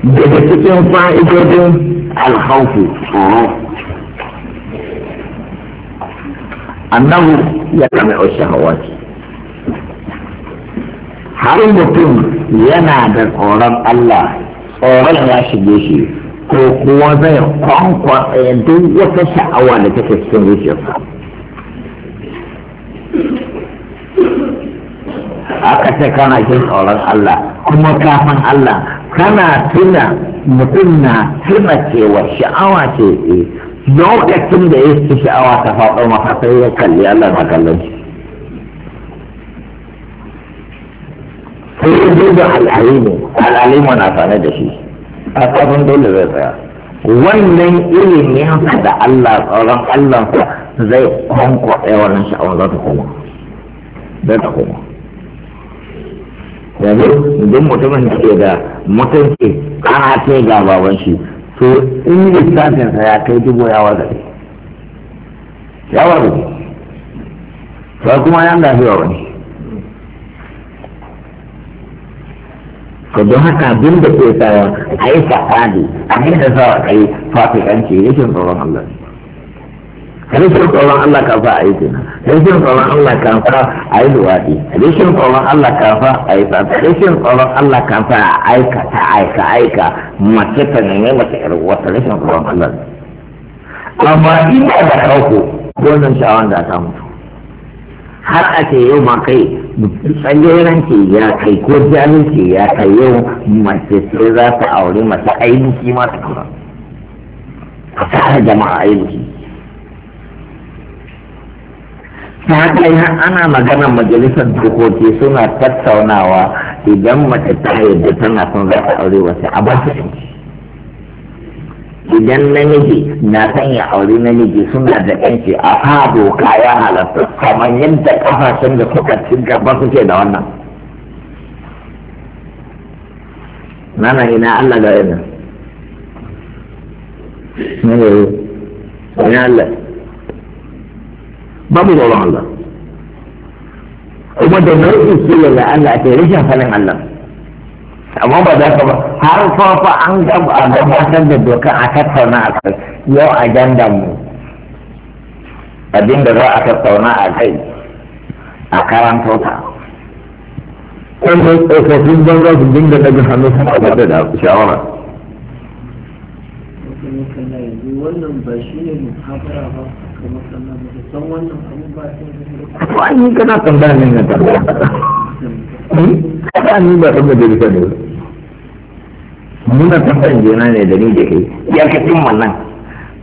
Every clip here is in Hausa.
daga cikin fa'idodin alhaufu tsoro annahu ya kame wasu hawaki har mutum yana da tsoron Allah tsoron ya shige shi ko kuwa zai kwankwasa duk wata sha'awa da take cikin zuciyarsa aka ce kana jin tsoron Allah kuma kafin Allah kana tuna mutum na tuna cewa sha'awa ce e lokacin da ya ci sha'awa ta faɗo masa sai ya kalli Allah na kallon shi sai ya duba al'alimu al'alimu na sane da shi a tsarin dole zai tsaya wannan ilimin iliminsa da Allah tsoron Allahnsa zai kwankwaɗe wannan sha'awar za ta koma zai ta koma yanzu duk mutumin da ke da mutunci ana ce ga baban shi to in lissafinsa ya kai dubu ya wada ya wada ba kuma ya gafi wa wani ka don haka abin da ke sawa a yi safadi a da sawa a yi fasikanci rashin tsoron Allah ne rashin tsoron Allah ka fa a yi zina rashin tsoron Allah ka fa a yi luwaɗi rashin tsoron Allah ka fa a yi tsada rashin tsoron Allah ka fa a aika ta aika aika mace ta nemi mace ƴar wata rashin tsoron Allah amma ina da kauko gonan sha'awan da ta mutu har a ce yau ma kai tsangeranci ya kai ko jahilci ya kai yau mace sai za ta aure mace ainihi ma ta kura ta jama'a ainihi ta kai ana magana majalisar dokoki suna tattaunawa idan mace ta yadda tana son za ta aure wasu a ba idan namiji na sanya ya aure namiji suna da yanci a fa doka ya halatta kamar yadda kafashen da suka ci gaba suke da wannan nana ina Allah ga yana ina Allah babu tsoron Allah kuma da nau'in kila da Allah ke rashin sanin Allah amma ba za ka ba har fafa an gaba a gabatar da dokan a tattauna a kai yau a gandan mu abinda za a tattauna a kai a karanta ta wannan tsofaffin banza su dinga daga hannu suna ba da shawara wannan ba shi ne muhabara ba don kana tambaya ne na tambaya hmm? ni ba tambaya da kai ne muna tambayan ne da ni da ya ka cin wannan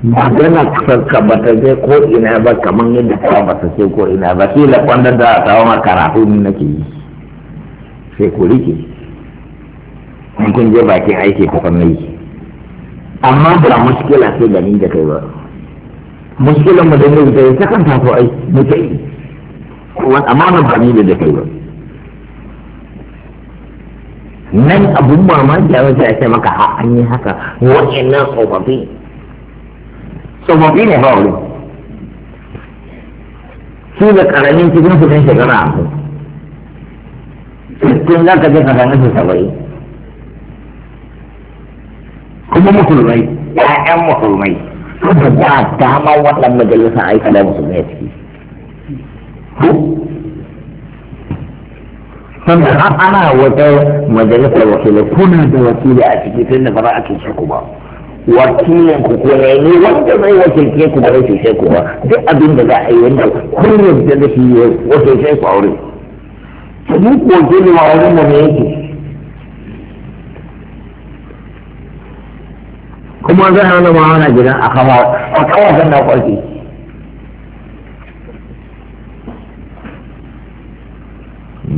magana ka ba ta je ko ina ba kamar yadda ka ba ta ce ko ina ba sai la da ta wa karatu ni nake yi sai ko rike Mun kun je bakin aiki ku kan yi amma ba muskila sai da ni da kai ba muskilan mu da ne da ta kan taso ai mu kai kuma amana ba ni da kai ba nan abun ma mamaki a wajen ake maka a an yi haka wa'annan tsofaffi tsofaffi ne ba wuri su da karamin cikin su kan shekara hamsin sittin za ka je ka sami su saba'in kuma musulmai ya'yan musulmai haka ba dama wannan majalisa a yi kada musulmi ya ciki sannan har ana wata majalisar wakilai kuna da wakili a ciki tun da fara ake a cuce wakilin ku ko ne ne wanda zai wakilce ku ba zai cuce ku ba duk abin da za a yi wanda kun yarda da shi ya wakilce ku a wurin. Sabu ko ne wa wurin da ne yake kuma zai hana ma ana gida a kama a kawai zan na kwarki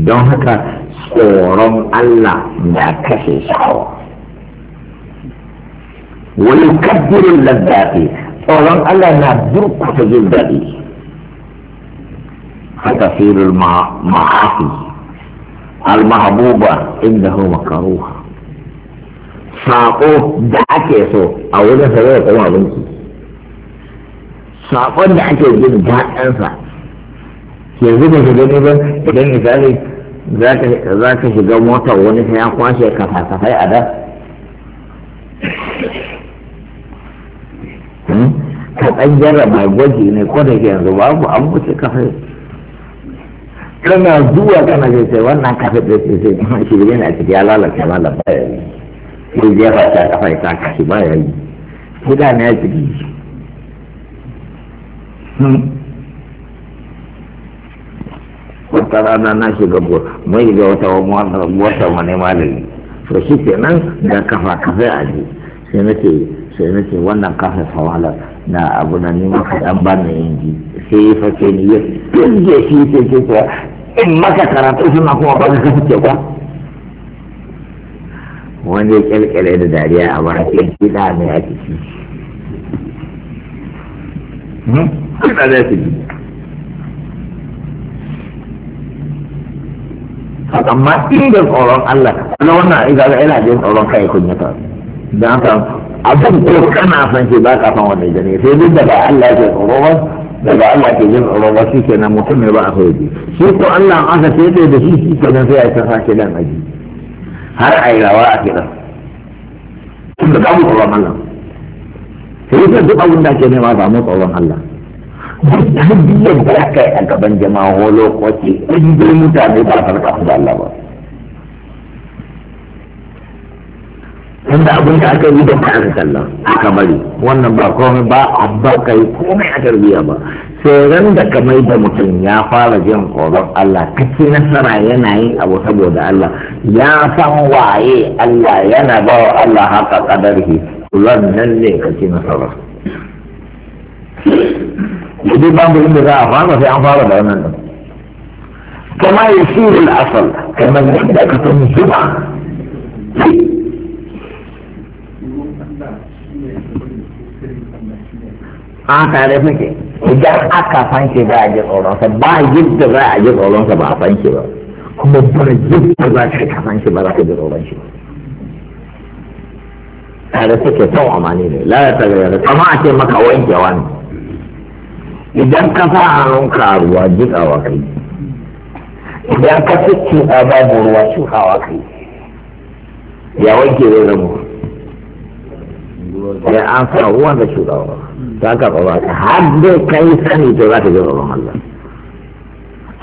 don haka tsoron Allah na kashe sha'awa wani kabbirin lardati tsoron Allah na burkuta jin daɗi haka firin ma'afi al-mahabuba inda hau makaruha saƙo da ake so a wurin sa zai kuma abinci saƙon da ake jin daɗinsa yanzu da shiga ne ba idan misali za ka shiga mota wani sai ya kwashe kafa-kafai a da ka ɗan mai gwaji ne ko da ke yanzu ku an buce kafai kana zuwa kana sai wannan kafin da sai sai shi ne a ciki ya lalace malam labarai sai ba ta kafa ita ka shi ba ya yi sai da na ya ciki shi hmm. wata rana na shiga mai ga wata wata wani malami to shi ke nan da kafa kafa a ji sai na ce sai na ce wannan kafa fawalar na abu na neman kaɗan ba na yin ji sai ya fake ni ya tunge shi sai ke in maka karatu suna kuma ba ka kafa ke ba wanda ya kyalkyale da dariya a bakin kiɗa mai a ciki hmm? kiɗa za su ji amma inda tsoron Allah na wannan aiki ga ina jin tsoron kai kunyata don haka abin ko kana san shi ba ka san wanda ne, sai duk daga Allah ke tsoro ba daga Allah ke jin tsoro ba shi kenan mutum ne ba a so ji shi ko Allah an aka sai da shi shi kenan sai ya ta sake dan aji har a yi rawa a kiran tun da samun tsoron Allah sai yasa duk abin da ake nema samun tsoron Allah duk biyan da aka yi a gaban jama'a holo kwace ɗin dai mutane ba a farka da Allah ba inda abin da aka yi don ka aka kalla aka bari wannan ba komai ba abba ka yi komai a tarbiyya ba sai ran da ka mai da mutum ya fara jin tsoron Allah ka ci nasara yana yin abu saboda Allah ya san waye Allah yana ba wa Allah haka kadarhi kullum nan ne ka ci nasara idan babu inda za a fara sai an fara da wannan din kama yasirul asal kamar yadda ka san zuba an tare muke idan aka fanke za a ji tsoronsa ba yadda za a ji tsoronsa ba a fanke ba kuma ba yadda za ka ka fanke ba za ka ji tsoron shi tare suke son amani ne lalata ga yadda kama a ce maka wanke wani. idan ka sa hannun karuwa jikawa kai idan ka fice a babu ruwa shukawa kai ya wanke zai zama ya an sa ruwan da kai. za ka ba ka har dai kai sani to za ka ji tsoron Allah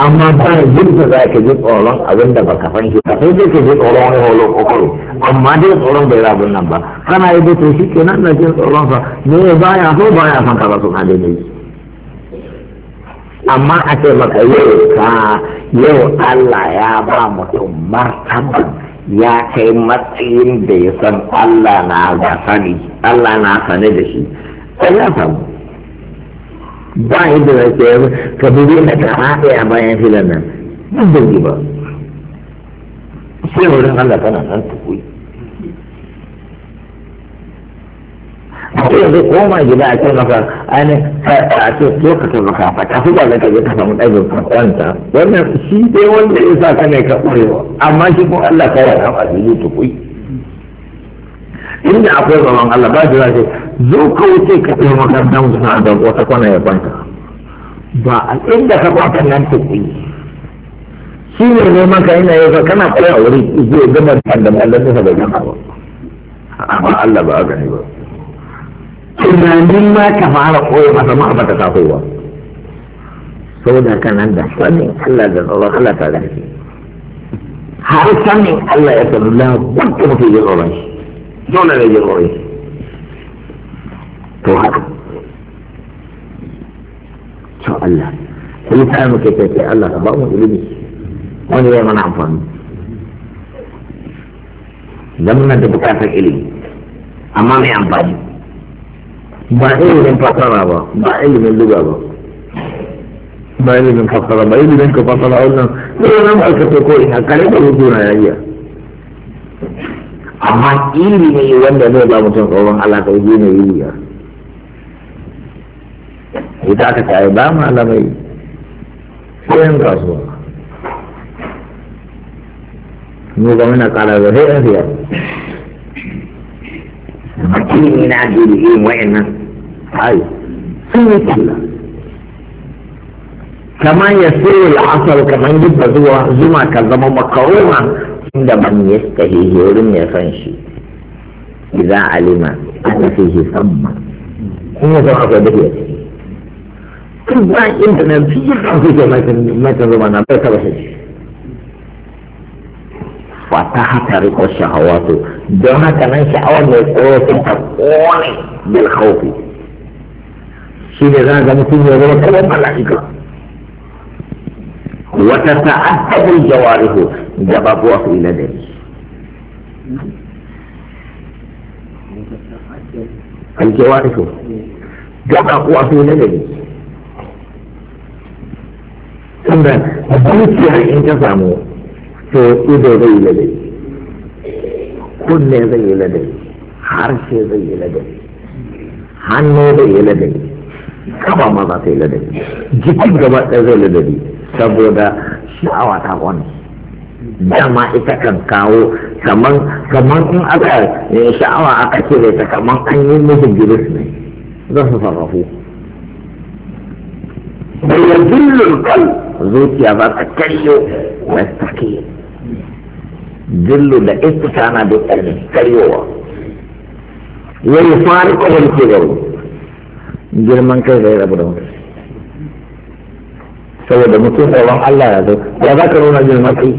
amma ba yadda za ka ji tsoron abin da baka san shi ba sai dai ka ji tsoron wani holo kokoro amma dai tsoron bai rabin nan ba kana yi to shi kenan na jin tsoron sa ne baya so baya san ka ba su kade ne amma a ce maka yau ka yau Allah ya ba mutum martaba ya kai matsayin da ya san Allah na ga sani Allah na sane da shi sai ya samu ba yadda na ce ka na ta haɗe a bayan filan nan ban dangi ba sai wurin Allah tana nan tukui sai zai koma gida a ce maka ainihin a ce to ka tafi kafa ta fi zaka ka ka samu ɗaibin kwanta wannan shi dai wanda ya sa ka ne ka ƙwarewa amma shi kuma Allah ka yana a fili tukui inda akwai zaman Allah ba shi za zo ka wuce ka ce makarantar musamman da wata kwana ya kwanta ba a inda ka kwanta nan ta kuyi shi ne neman ka yana yau kana kwaya a wuri zai gama da Allah nasa bai gama ba amma Allah ba a gani ba tunanin ma ka fara koya masa ma ba ta kafai ba saboda ka nan da sanin Allah da tsoron Allah ta da shi har sanin Allah ya sanu la wanda mutum ya tsoron shi dole ne ya tsoron shi to haka to Allah sai ta muke kai sai Allah ka ba mu ilimi wani ya mana amfani dan muna da bukatar ilimi amma mai amfani ba ilimin fasara ba ba ilimin luga ba ba ilimin fasara ba ilimin ka fasara wannan ne nan ba ka ko ina kare da rubutu na yayi amma ilimi wanda ne ba mutum tsoron Allah ka yi ne yi ya ita aka ce ba malamai sai yan kasuwa mu ga muna kara da sai yan siyar mutum na da irin wa'annan ai sun yi kila kamar ya sirri la'asar kamar yadda zuwa zuma ka zama makaroma inda man ya tahihi wurin ya san shi idan alima aka fi shi kuma in ya san akwai dafi a ciki tun ba intanet shi ya kan suke makin zuma na bai taba shi fata haka riko shahawatu don haka nan sha'awar mai tsoron ta kone bil haufi shi ne za ga mutum ya zama kamar mala'ika wata ta'addabul jawarihu da babu wasu ila da الجوارح جمع قوة في لدني tunda zuciya in ta samu to ido zai yi ladai kunne zai yi ladai harshe zai yi ladai hannu zai yi ladai kaba ma za ta yi ladai jikin gaba ɗaya zai ladai saboda sha'awa ta wani dama ita kan kawo kaman kaman in aka eh, sha'awa aka cire ta kaman an yi mijin giris ne za su sarrafu da ya zillin kan zuciya ba ta karyo mastaki zillu da istisana da karyowa ya yi fari kawai ke gaba girman kai da ya rabu da mutum saboda mutum tsoron Allah ya zo ya za ka nuna girman kai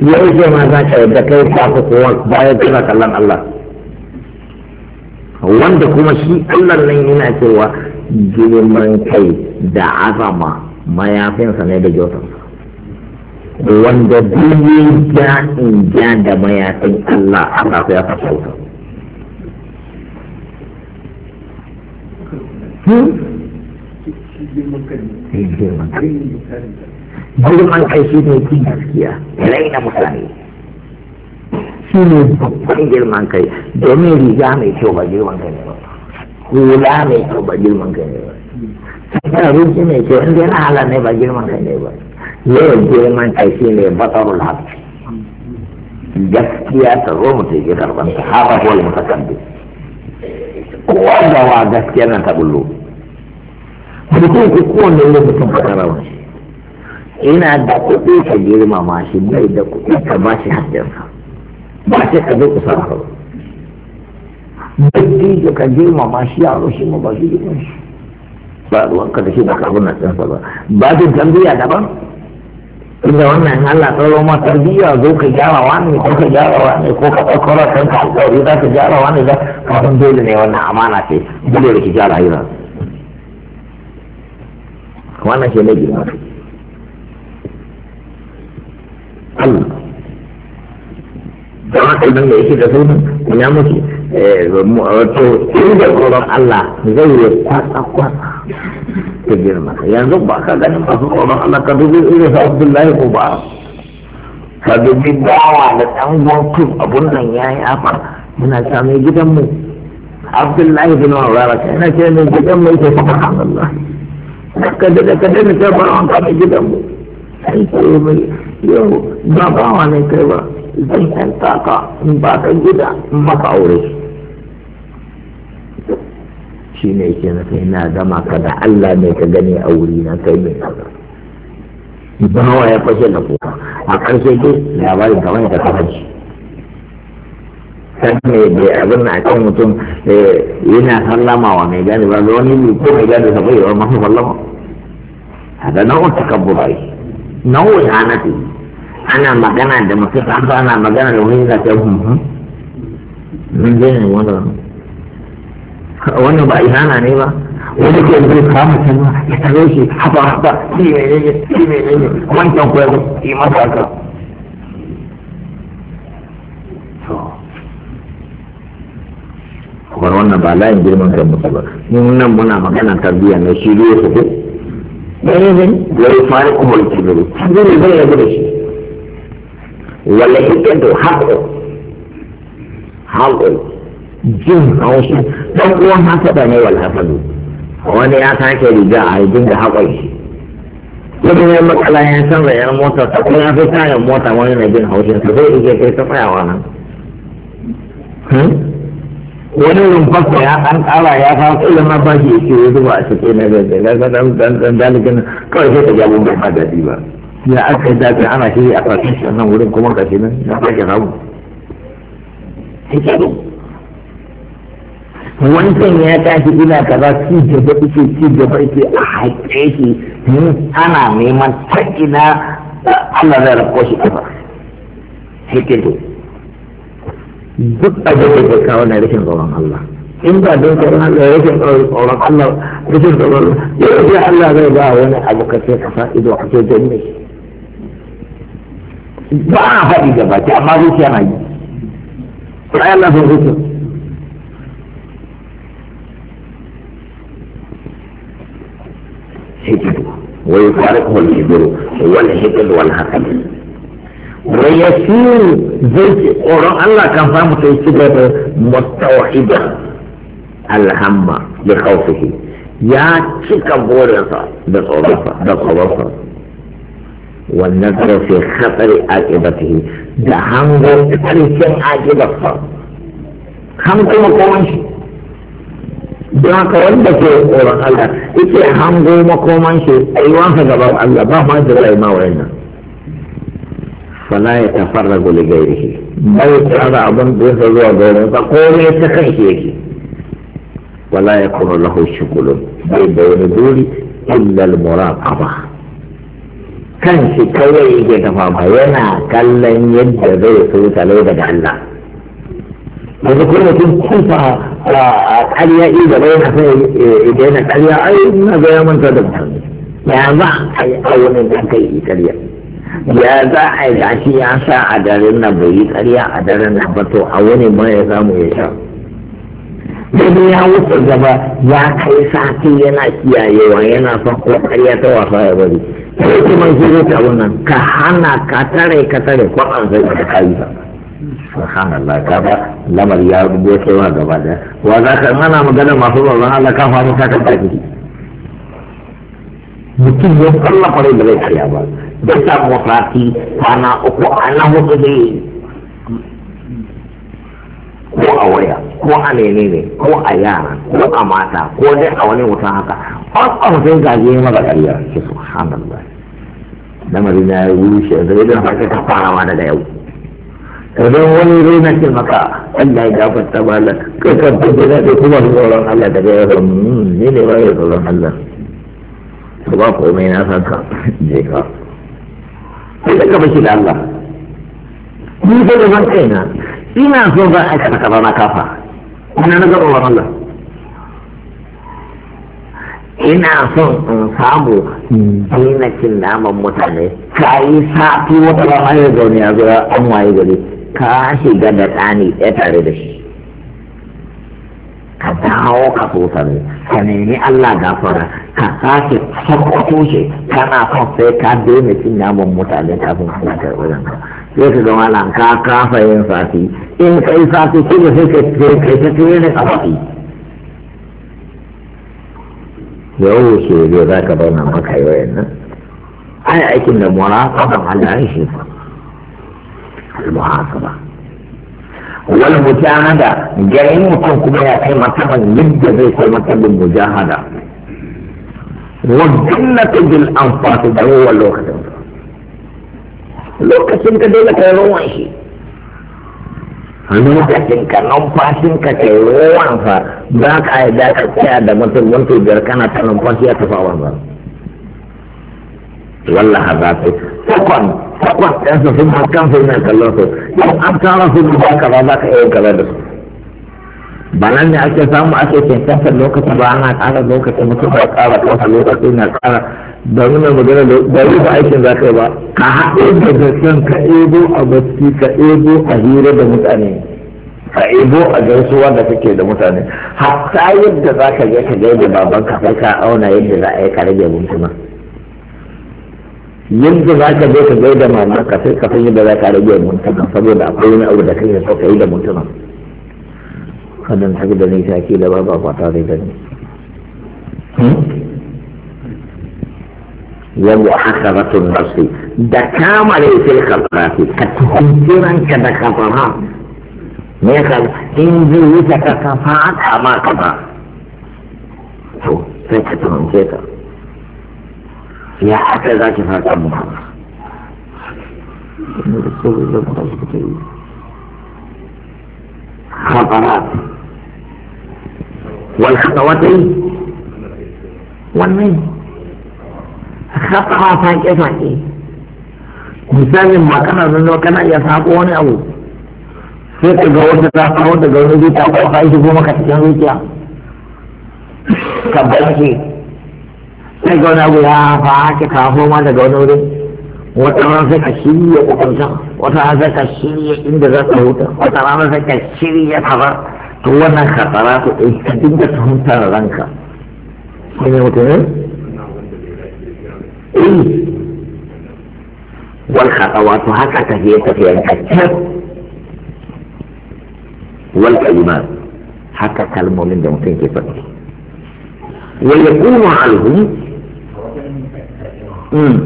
ya yi ce ma za ka yadda kai kwafa kowa bayan kana kallon Allah wanda kuma shi Allah nan yana cewa girman kai da azama mayafinsa ne da jotansa wanda duniya ja in ja da mayafin Allah aka fi ya fasa wuta hmm? girman kai shi ne gaskiya mutane shi ne babban girman kai domin riga mai kyau ba girman kai ne ba hula mai kyau ba girman kai ne ba cikin abinci mai kyau inda yana halar ne ba girman kai ne ba yawan girman kai shi ne batsarul haƙƙi gaskiya ta zo mutum ya karɓar ta haɓar wal mutakabbi kowa gawa gaskiya nan ta bullo mutum ku kowane wani mutum faɗa rawan shi ina da kuɗi ka girmama shi bai da kuɗi ka ba shi hajjansa ba sai ka zo ku sarrafa da ka girmama shi yaro shi ma ba shi girman shi ba ruwanka da shi ba karbin na tsinsa ba babin tarbiyya daban inda wannan Allah tsaro ma tarbiyya zo ka gyara wani ko ka gyara wani ko ka ɗauko rakan ka alƙawari za ka gyara wani za ka san dole ne wannan amana ce dole da ki gyara hira wannan shi ne girma Allah da haka idan da yake da sunan ya mutu wato eh, inda tsoron Allah zai yi ta girma yanzu ba ka masu tsoron Allah ka dubi Abdullahi ko ba ka dubi da ɗan gwamfin abun nan ya yi afa muna samun gidanmu Abdullahi bin Maurara ka yana ce mai gidanmu ita ka ka ta wanka gidanmu sai ce mai yau ba bawa ne kai ba zan in ba ka gida in ba ka aure shi ne yake maka ina gama ka da Allah ne ka gani a wuri na kai mai kaza bawa ya fashe na kuka a ƙarshe dai labarin kamar da ka shi san ne da abin na kan mutum eh, yana sallama wa mai gani ba da wani ko mai gani da bai yawan masu sallama hada nau'in takabburai nau'in hanati ana magana da mutum ana magana da wani zai ta hmm, hmm. mun zai ne wanda wannan ba ihana ne ba wani ke zai kama can ya tare shi haba haba shi mai ne shi mai ne wancan kuwa zai yi masa haka kuma wannan ba layin girman kan mutu ba mun nan muna magana tarbiyya ne shi ruwa su ko ɗaya ne ya yi fari kuma da kibiri kibiri zai yabu da shi wala hikinto haƙo haƙo jin haushi dan uwan hasada ne wal hasadu wani ya sake riga a yi da haƙon shi wani ne matsala ya canza yan mota ta kuma ya fi tayan mota wani na jin haushin sa zai iya kai ta tsayawa nan hmm? wani rumfarsa ya ɗan ƙara ya kawo ilimin ma ba shi ya ce wani ba a cike na zai zai ga dan dan dalibin kawai sai ka jabo mai ba daɗi ba ya aka yi dafi ana shi a ƙarshen shi nan wurin kuma ƙarshe nan ya sake samu. Hikadu. wancan ya tashi ina kaza ci gaba ike ci gaba ike a haƙe shi ana neman ta ina Allah zai rako shi kafa hikidu duk abin da ke kawo na rashin tsoron Allah in ba don tsoron Allah rashin tsoron Allah rashin tsoron Allah ya Allah zai ba wani abu ka ce kafa ido a ce don ne ba a faɗi gaba ce amma zuciya na yi. Allah sun zuciya. ويفارقه الكبر والهكل والهكل ويسير زيت قرآن الله كان فاهم تيسير مستوحدا الهم لخوفه يا تشيك بورصة بالقرصة بالقرصة والنظر في خطر عاقبته ده هنغو تاريخ عاقبته هم كما كمان شيء don haka wanda ke tsoron Allah yake hango makoman shi a yi wanka gaban Allah ba ma da zai ma wayannan fala ya tafarragu li ghairihi bai tsara abin da ya zuwa ga wani ba ne ta kan shi yake wala ya kuma lahu shugulun bai da wani duri illa al-muraqaba kan shi kawai yake tafa ba yana kallon yadda zai so talo daga Allah yanzu kuma mutum kufa a ƙarya yi gaba yana son ya daina ƙarya ai na ga ya manta da mutane ya a yi aunin da aka yi ƙarya ya za a yi gashi ya sa a daren nan bai yi ƙarya a daren nan ba to a wani ma ya samu ya sha daidai ya wuce gaba ya kai sati yana kiyayewa yana son ko ƙarya ta wasa ya bari sai kuma shi ta wannan ka hana ka tare ka tare kwanan zai ka yi ba subhanallah kaga lamar ya rubo cewa gaba da wa za ka ana magana masu tsoron Allah ka faru ka kanta ciki mutum ya kalla fara da zai karya ba da samu wafati kwana uku ana hudu ne ko a waya ko a nene ne ko a yara ko a mata ko dai a wani wuta haka ƙwaƙwar sai gaje maka karya subhanallah lamarin ya yi rushe zai da haka ta fara ma daga yau ka wani zai na maka Allah ya gafarta malam kai kan ta na ɗaya kuma tsoron Allah da ga yadda hmm, ni ne ba ya tsoron Allah to ba komai na san ka je ka sai ka bashi da Allah ni da ban kaina ina so ba a karka ba na kafa ina na ga tsoron Allah ina son in samu daina naman mutane ka yi sati wata rana ya zaune ya zo an waye gari ka shiga da ɗani ɗaya tare da shi ka dawo ka so sani ka nemi Allah gafara ka sake sakwato shi kana son sai ka daina cin naman mutane kafin Allah ka wajen ka sai ka ga malam ka kafa yin sati in kai sati da sai ka kai ta ce ne ka faɗi yau shi zai za ka bauna maka yi wayan nan ai aikin da mura kasan Allah ya shi fa المحاصرة والمجاهدة جريمكم كما يأتي مثلا يبدأ زي كلمة بالمجاهدة والجنة بالأنفاس ده الوقت lokacin ka dole ka ruwa shi lokacin ka numfashin ka kai ruwa fa ka yi da ka tsaya da mutum mutum biyar kana ta numfashi ta ba. wallaha ko su sakon sakon ɗansa sun haskan su yana kallon su yau an tara su da kaza za ka iya kaza da su ba nan ne ake samu ake cancantar lokacin ba ana kara lokacin mutum ba ƙara ƙasa lokacin na kara da nuna magana da yi ba aikin za ka yi ba ka haɗe da gaskiyan ka ebo a bacci ka ebo a hira da mutane ka ebo a gaisuwa da kake da mutane hatta yadda za ka je ka gaida baban sai ka auna yadda za a yi ka rage mutumin yadda za ka zo ka zai da mama ka sai ka san yadda za ka rage mutum saboda akwai wani abu da kai so ka yi da mutum kadan tafi da nisa ke da ba kwata da ni yabu a haka ratun kama da kamar ya ce ka rafi ka tuhunci ranka da kafa ha ne ka in zai yi ta kafa a kama kafa to sai ka tuhunce ka ya aka za ki fata mu خطرات والخطوتين والنين wani abu sai ka ga wata ta kawo daga wani zuciya ko ka yi shigo maka cikin zuciya ka sai ga wani abu ya fa ki kafo ma daga wani wurin wata rana sai ka shirya ƙwaƙwalta wata rana sai ka shirya inda za ka huta wata rana sai ka shirya kaza to wannan kasara to ɗin ka dinga tuhumtar ranka shi ne mutumin eh wal khatawa to haka tafiye tafiyen kaccen wal kalimat haka kalmomin da mutum ke faɗi wa yakunu alhum Mm.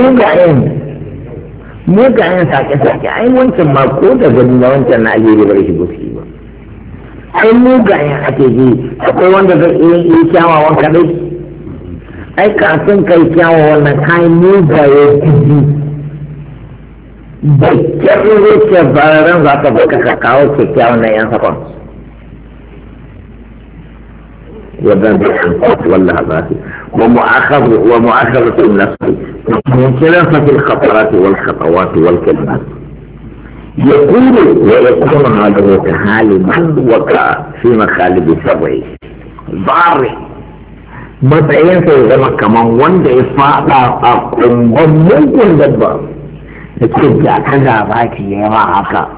mugayen mugayen sake-sake ai wancan ma ko da gani na wancan na ake yi bar shi gosi ba ai mugayen ake yi akwai wanda zai iya yi kyawawan kadai ai kafin kai kyawawan wannan kai mugaye jiji da kyar zuciya bayan za ka baka ka kawo kyakkyawan na yan sakon وباب ولا واللهبات ومؤاخذ ومؤاخذة النفس من خلافة الخطرات والخطوات والكلمات يقول ويكون هذا كحال من وقع في مخالب سبعه ضاري matsayin sai zama kamar wanda ya fada a kumban mugun dabba da ke da ta gaba ki yawa haka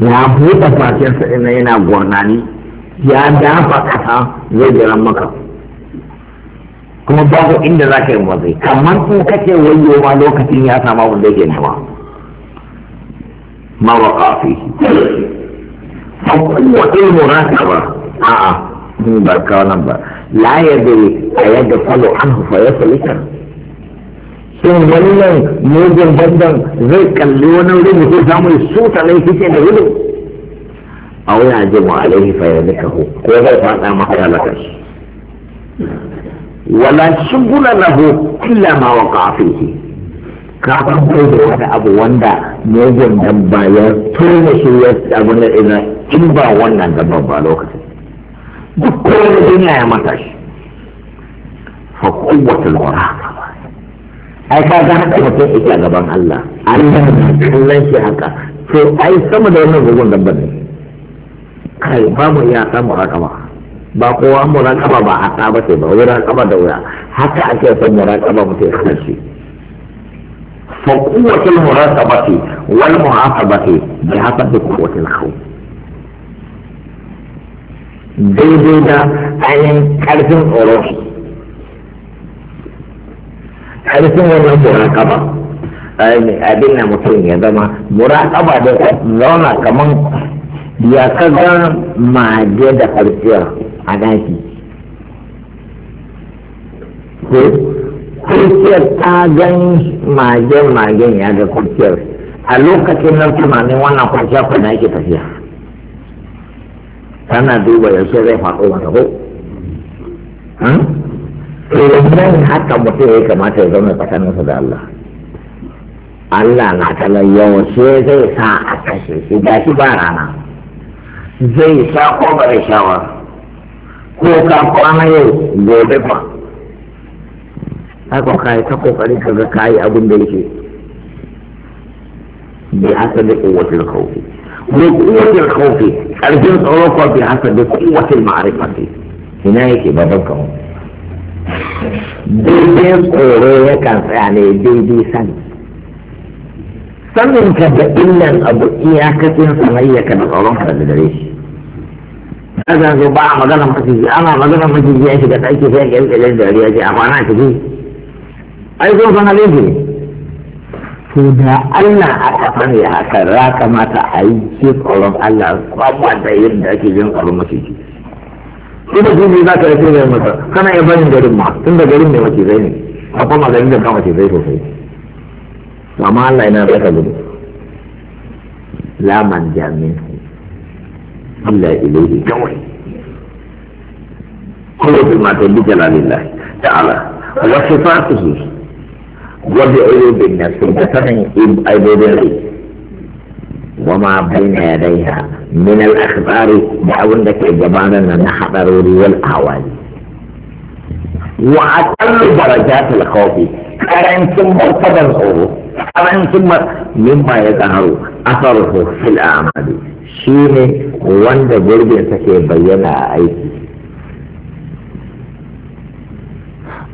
ya buɗe fatinsa ina yana gurnani ya dafa ƙasa zai jiran maka kuma babu inda za ka yi wazai kamar ko kake wayo ma lokacin ya sama wanda yake nema ma wa kafi fa kullu ilmu ba a'a mun barka nan ba la yadda falo an anhu fa yaslika shin wannan mugun bandan zai kalli wani wuri mutum samun suta laifi ce da gudu a wani ajimu alaihi fayyadikahu ko zai fada maka halakar wala shugula lahu illa ma waqa fihi ka san kai da wani abu wanda mugun dan ba ya tona shi ya abu na ina in ba wannan gaban ba lokacin duk kowane duniya ya mata shi fa kuwatul wara ai ka ga haka mutum yake a gaban Allah Allah na kallon shi haka to ai sama da wannan gugun dabban ne kai ba mu iya samu rakama ba kowa mu rakama ba a saba ce ba wani rakama da wuya haka ake son mu rakama mutum ya shi fa kuwatul muraqabati wal muhasabati bi hasabi kuwatil khawf daidai da ainihin karfin tsoro ƙarfin wannan muraƙaba abin na mutum ya zama muraƙaba da zauna kamar ya kaga maje da ƙarfiyar a daki kurciyar ta gan magen magen ya ga kurciyar a lokacin nan tunanin wannan kurciyar ku na yake tafiya tana duba yaushe zai faɗo wata ko hmm? nan haka mutum ya kamata ya zauna tsakaninsa da Allah Allah na talar yawa sai zai sa a kashe shi da shi ba rana zai sa ko ba da shawa ko ka kwana yau gobe ba haka kai ta kokari ka ga ka yi abin da yake bi haka da kowatin kaufi bi kowatin kaufi karfin tsoro ko bi hasa da kowatin ma'arifati ina yake babban kawai daidai tsoro yakan tsaya ne daidai sani sanin ka da illan abu iyakacin sanayya ka da tsoron ka da dare shi kaza zo ba a magana maciji ana magana maciji ya shiga ɗaki sai ya da jan dariya ce amma na ciki ai zo san alaihi ne to da Allah aka sani haka ra kamata a yi tsoron Allah kwamma da yadda ake jin tsoron maciji sai jibi za ka yi sai masa kana iya barin garin ma da garin ne mace zai ne a kuma garin da zai sosai amma Allah yana da ka gudu la man jamin illa ilaihi kawai kullu ma tabi jalalillah ta'ala wa sifatuhu wa bi wa ma bayna yadayha من الأخبار دعون لك اجبانا إجبارنا نحضر والأعوال وأقل درجات الخوف ثم مرتبة الخوف ثم مما يظهر أثره في الأعمال شيء وند جرد سكي بينا أيدي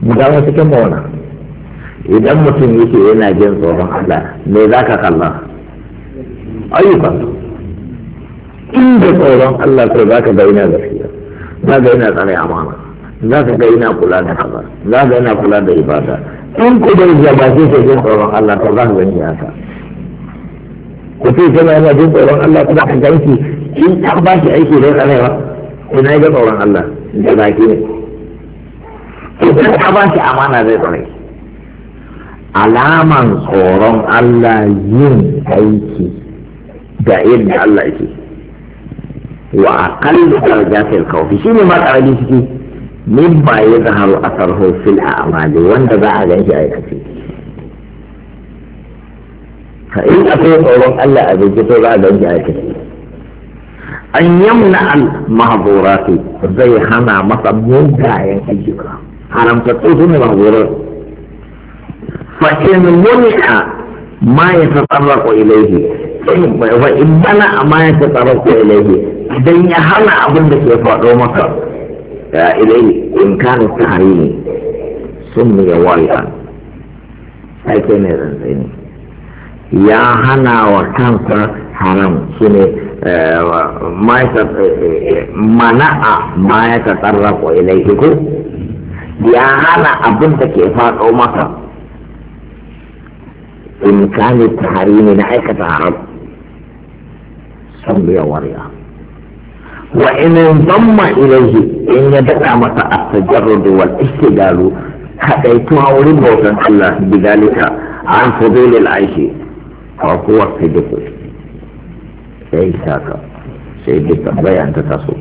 مدامة كمونا إذا مسلم يكي إنا جنس ورحمة الله ماذا كالله أيوة. أيضا inda tsoron Allah sai za ka ga yana gaskiya za ka yana tsare amana za ka ga yana kula da kaza za ka yana kula da ibada in ku da ya ba sai jin tsoron Allah to za ka gani haka ku ce kana yana jin tsoron Allah kuma ka ganki in ta ba shi aiki don tsarewa ina ga tsoron Allah da zaki ne idan ka ba shi amana zai tsare alaman tsoron Allah yin aiki da yadda Allah yake وأقل درجات الخوف شنو ما تعالي فيه مما يظهر أثره في الأعمال وأن بعد إيش أي كثير فإن أقول أورون ألا أبجد بعد إيش أي كثير أن يمنع المحظورات زي هنا مصمم داعي أجيبها حرام تقول شنو المحظورات فإن منع ما يتطرق إليه فإن منع ما يتطرق إليه idan ya hana abin da ke faɗo maka ya ilai in kanu ta hari ne sun mu ya wari an sai kai ne rantsai ne ya hana wa kansa haram shi ne mana'a ma ya ta tsarrafa ilai ko ya hana abin da ke faɗo maka in kanu ta hari ne na aikata haram sun mu ya wari an wa in zamma ilaihi in ya daɗa masa at-tajarrud wal istidalu kadaituwa wurin bautan Allah bidalika an fudulil aishi fa kuwa sidiku sai saka sai duk bayan ta so.